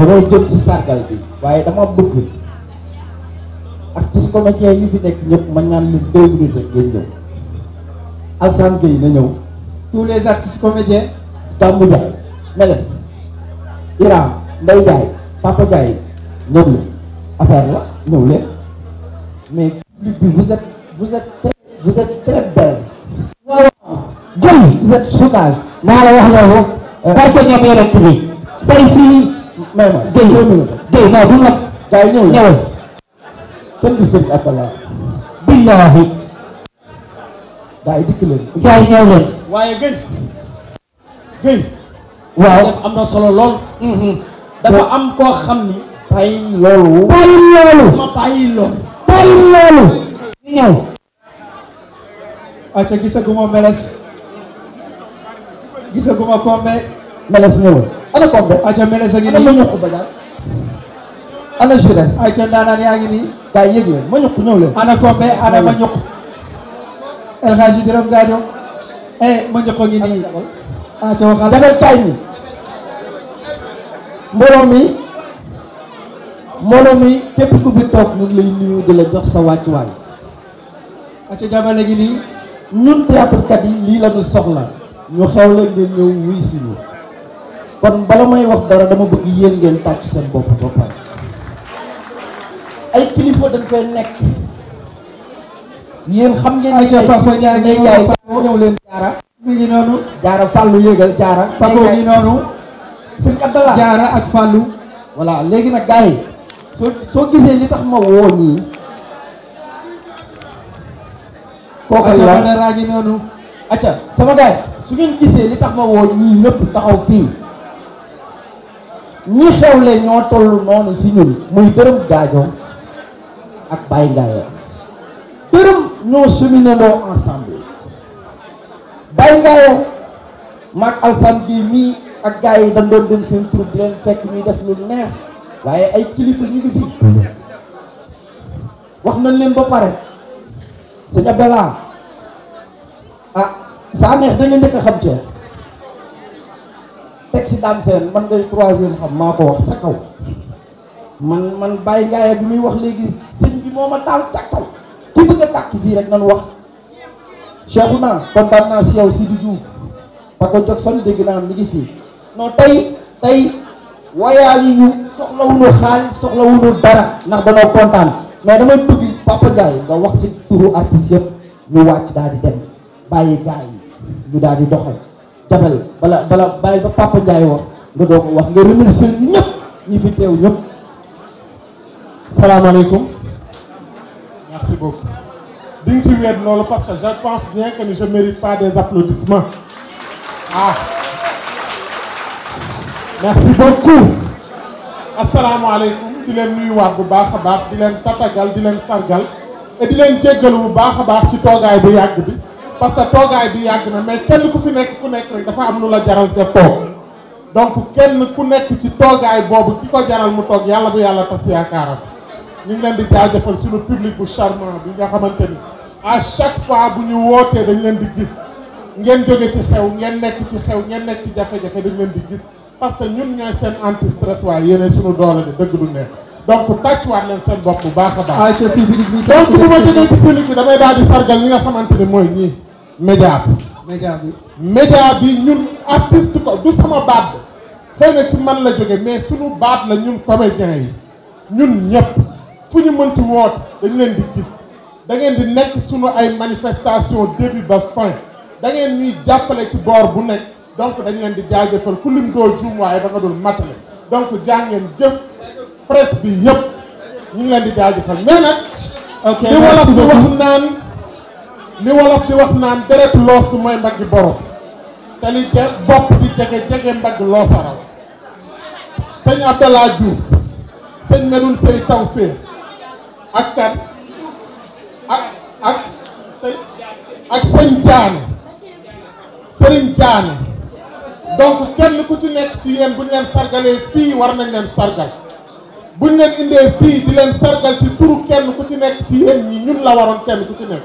damay jëm si sargal bi waaye dama bëgg artiste comédien yi fi nekk ñëpp ma ñaan leen deux minutes rek ngeen na ñëw tous les artistes comédiens Dambou Meles Iram Ndeye Ndiaye Papa Ndiaye affaire la ñëw leen mais public vous êtes vous êtes très vous êtes très belle waaw vous êtes sauvage naa la wax loolu parce euh, que ñoom yore public tey fii may ma deux minutes deux non bu nag gaa yi ñëw ñëwal kenn du sëriñ Akala billaahi gaa yi dikk leen gaa yi ñëw leen waaye gëy gëy waaw def am na solo lool mm-hmm. dafa am koo xam ni bàyyi loolu bàyyi loolu ma bàyyi loolu bàyyi loolu ñëw acca gisaguma meles gisaguma kombe meles ñëwal ana Kombe. ayca ngi nii ma ñuq ba daal. ana Jures. ndaanaan yaa ngi nii. waaye yëg leen ma ñuq ñëw leen. ana Kombe ana ma ñuq. El Hadji Dërëm Gadio. Eh, ma ñuq a ngi nii. ayca waxal dabal taay mi. mbooloo mi. mbooloo mi képp ku fi toog lay nuyu di la jox sa wàccuwaay. ayca jamono gi nii. ñun théâtre kat yi lii la ñu soxla. ñu xew la ngeen ñëw wuy si ñu. kon bala may wax dara dama bëgg yéen ngeen tàcc seen bopp ba pare ay kilifa dañ fay nekk yéen xam ngeen ne Papa Ndiaye Ndeye jaara mi ngi jaara Fallou yéegal noonu sëñ Abdallah jaara ak Fallou voilà léegi nag gars yi soo soo gisee li tax ma woo ñii kooku la acca sama gars su ngeen gisee li tax ma woo ñii ñëpp taxaw fii ñi xewle ñoo toll noonu si ñun muy dërëm gaajo ak bàyyi ngaaye dërëm ñoo cheminendoo ensemble bàyyi ngaaye maag alsan bi mii ak gars yi dañ doon dem seen tur di leen fekk ñuy def lu neex waaye ay kilifa ñu ngi fi wax nañ leen ba pare sëñ Abdallah ah saa neex da nga xam Thiès Taksi si daam seen man day troisième xam maa ko wax sa kaw man man Baye Ndiaye bi muy wax léegi sëñ bi moo ma taal càkkal ku bëgg a tàkk fii rek nan wax Cheikh naa kontaan naa si yow si di Diouf parce que Jackson dégg naa mi ngi fii non tey tey wayaal yi ñu soxlawuñu xaalis soxlawuñu dara mais Papa nga wax ci turu artiste yëpp ñu wàcc daal di dem bàyyi gaay ñu daal di doxal jabel bala bala bàyyi ba Papa Ndiaye wax nga do ko wax nga remercier ñep ñi fi tew ñep salam salaamaaleykum merci beaucoup ding ci weet lolu parce que je pense bien que je mérite pas des applaudissements ah merci beaucoup asalaamaaleykum di len nuyu nuyuwaat bu baax baax di len tatagal di len sargal et di len jéggalu bu baax baax ci toogaay bu yàgg bi parce que toogaay bi yàgg na mais kenn ku fi nekk ku nekk dafa am lu la jaral ca toog donc kenn ku nekk ci toogaay boobu ki ko jaral mu toog yàlla bu yàlla tas yaakaaram ñu ngi leen di jaajëfal suñu public bu charmant bi nga xamante ni à chaque fois bu ñu wootee dañ leen di gis ngeen jóge ci ngeen nekk ci xew ngeen nekk dañ leen di gis parce que ñun seen anti stress waaye yéenay suñu doole di leen seen baax a baax. donc bu bi nga xamante ne mooy ñii. média bi. bi média bi ñun artiste ko du sama baat bi xëy na ci man la jóge mais suñu baat la ñun comédiens yi ñun ñëpp fu ñu mënti woot dañu leen di gis da ngeen di nekk suñu ay manifestation début ba fin da ngeen ñuy jàppale ci boor bu nekk donc dañu leen di jaajëfal ku lim doo juum waaye da nga dul matale donc jàngeen jëf presse bi yëpp ñu leen di jaajëfal mais nag. ok wax naan. li wolof di wax naan deret loos mooy mbagg borom te li je bopp di jege jege mbagg loosaraw sëñ Abdallah Diouf sëñ Medoune Sey Tawféex ak kan ak ak sëñ ak sëñ Thiané Serigne Thiané donc kenn ku ci nekk ci yéen bu ñu leen sargalee fii war nañ leen sargal bu ñu leen indee fii di leen sargal ci turu kenn ku ci nekk ci yéen ñi ñun la waroon kenn ku ci nekk.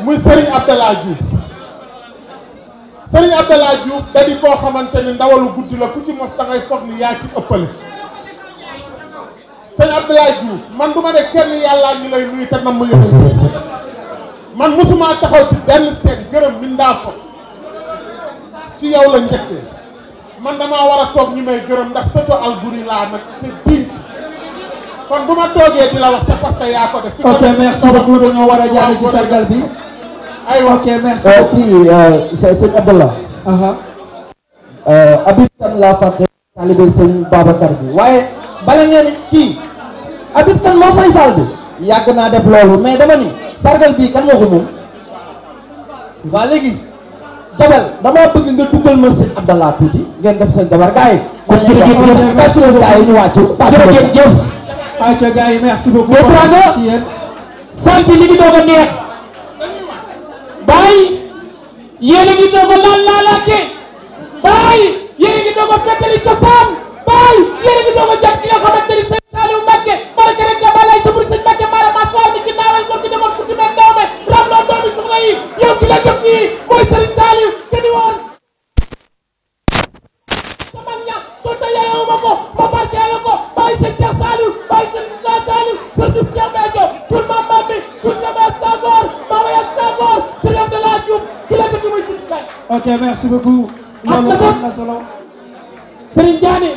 muy Serigne Abdallah Diouf Serigne Abdallah Diouf da di koo xamante ni ndawalu guddi la ku ci mos da ngay foog yaa ci ëppale Serigne Abdallah Diouf man du ma ne kenn yàllaa ñu lay nuyu te nam ma yóbbu man mosuma taxaw ci benn seen gërëm mindaa fa ci yow la njëkkee man damaa war a toog ñu may gërëm ndax sëto Alburi laa nag te diñ kon bu ma toogee di la wax c'est parce que yaa ko def. ok merci beaucoup dañoo war a jaar ci sargal bi. aywa ok merci euh, euh, beaucoup euh, waaye bala ngeen kii Habib kan moo fay saal bi yàgg naa def loolu mais dama ni sargal bii kan moo ko moom. waa léegi damaa bëgg nga dugal ma sëñ Abdallah tuuti ngeen def seen jabar gars yi. kon jërëjëf tàccu gars yi ñu wàccu jërëjëf. ayca li ngi doog a neex. bàyyi yéen a ngi doog a laal laalaate merci beaucoup. am na solo Serigne Diané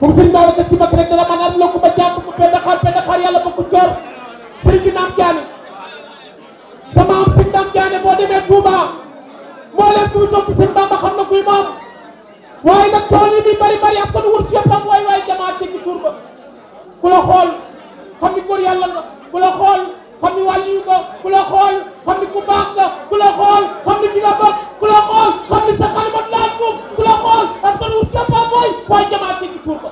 moom Serigne Babacar Sy mag rek dana man am lokku ba jàpp ko benn xar benn xar yàlla bokku joor Serigne bi naam Diané sama am Serigne naam Diané boo demee Touba moo leen kuy topp Serigne Bamba xam na kuy moom waaye nag tool yi muy bari bari am ko nu wut yëpp am waay waay jamaat dégg tur ba ku la xool xam ni góor yàlla nga ku la xool xam ni wàllu ko ku la xool xam ni ku baax nga ku la xool xam ni ki nga ku la xool xam ni sa xarit man laaj moom ku la xool ak man wut képp ak mooy waaye jamaat ci suuf ba.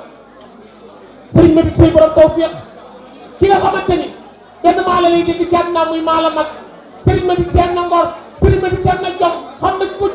Serigne Mady Seye borom tawfiq ki nga xamante ni benn maa la lay dégg ci muy maa la mag Serigne Mady Seye na ngor Serigne Mady Seye na jom xam na ku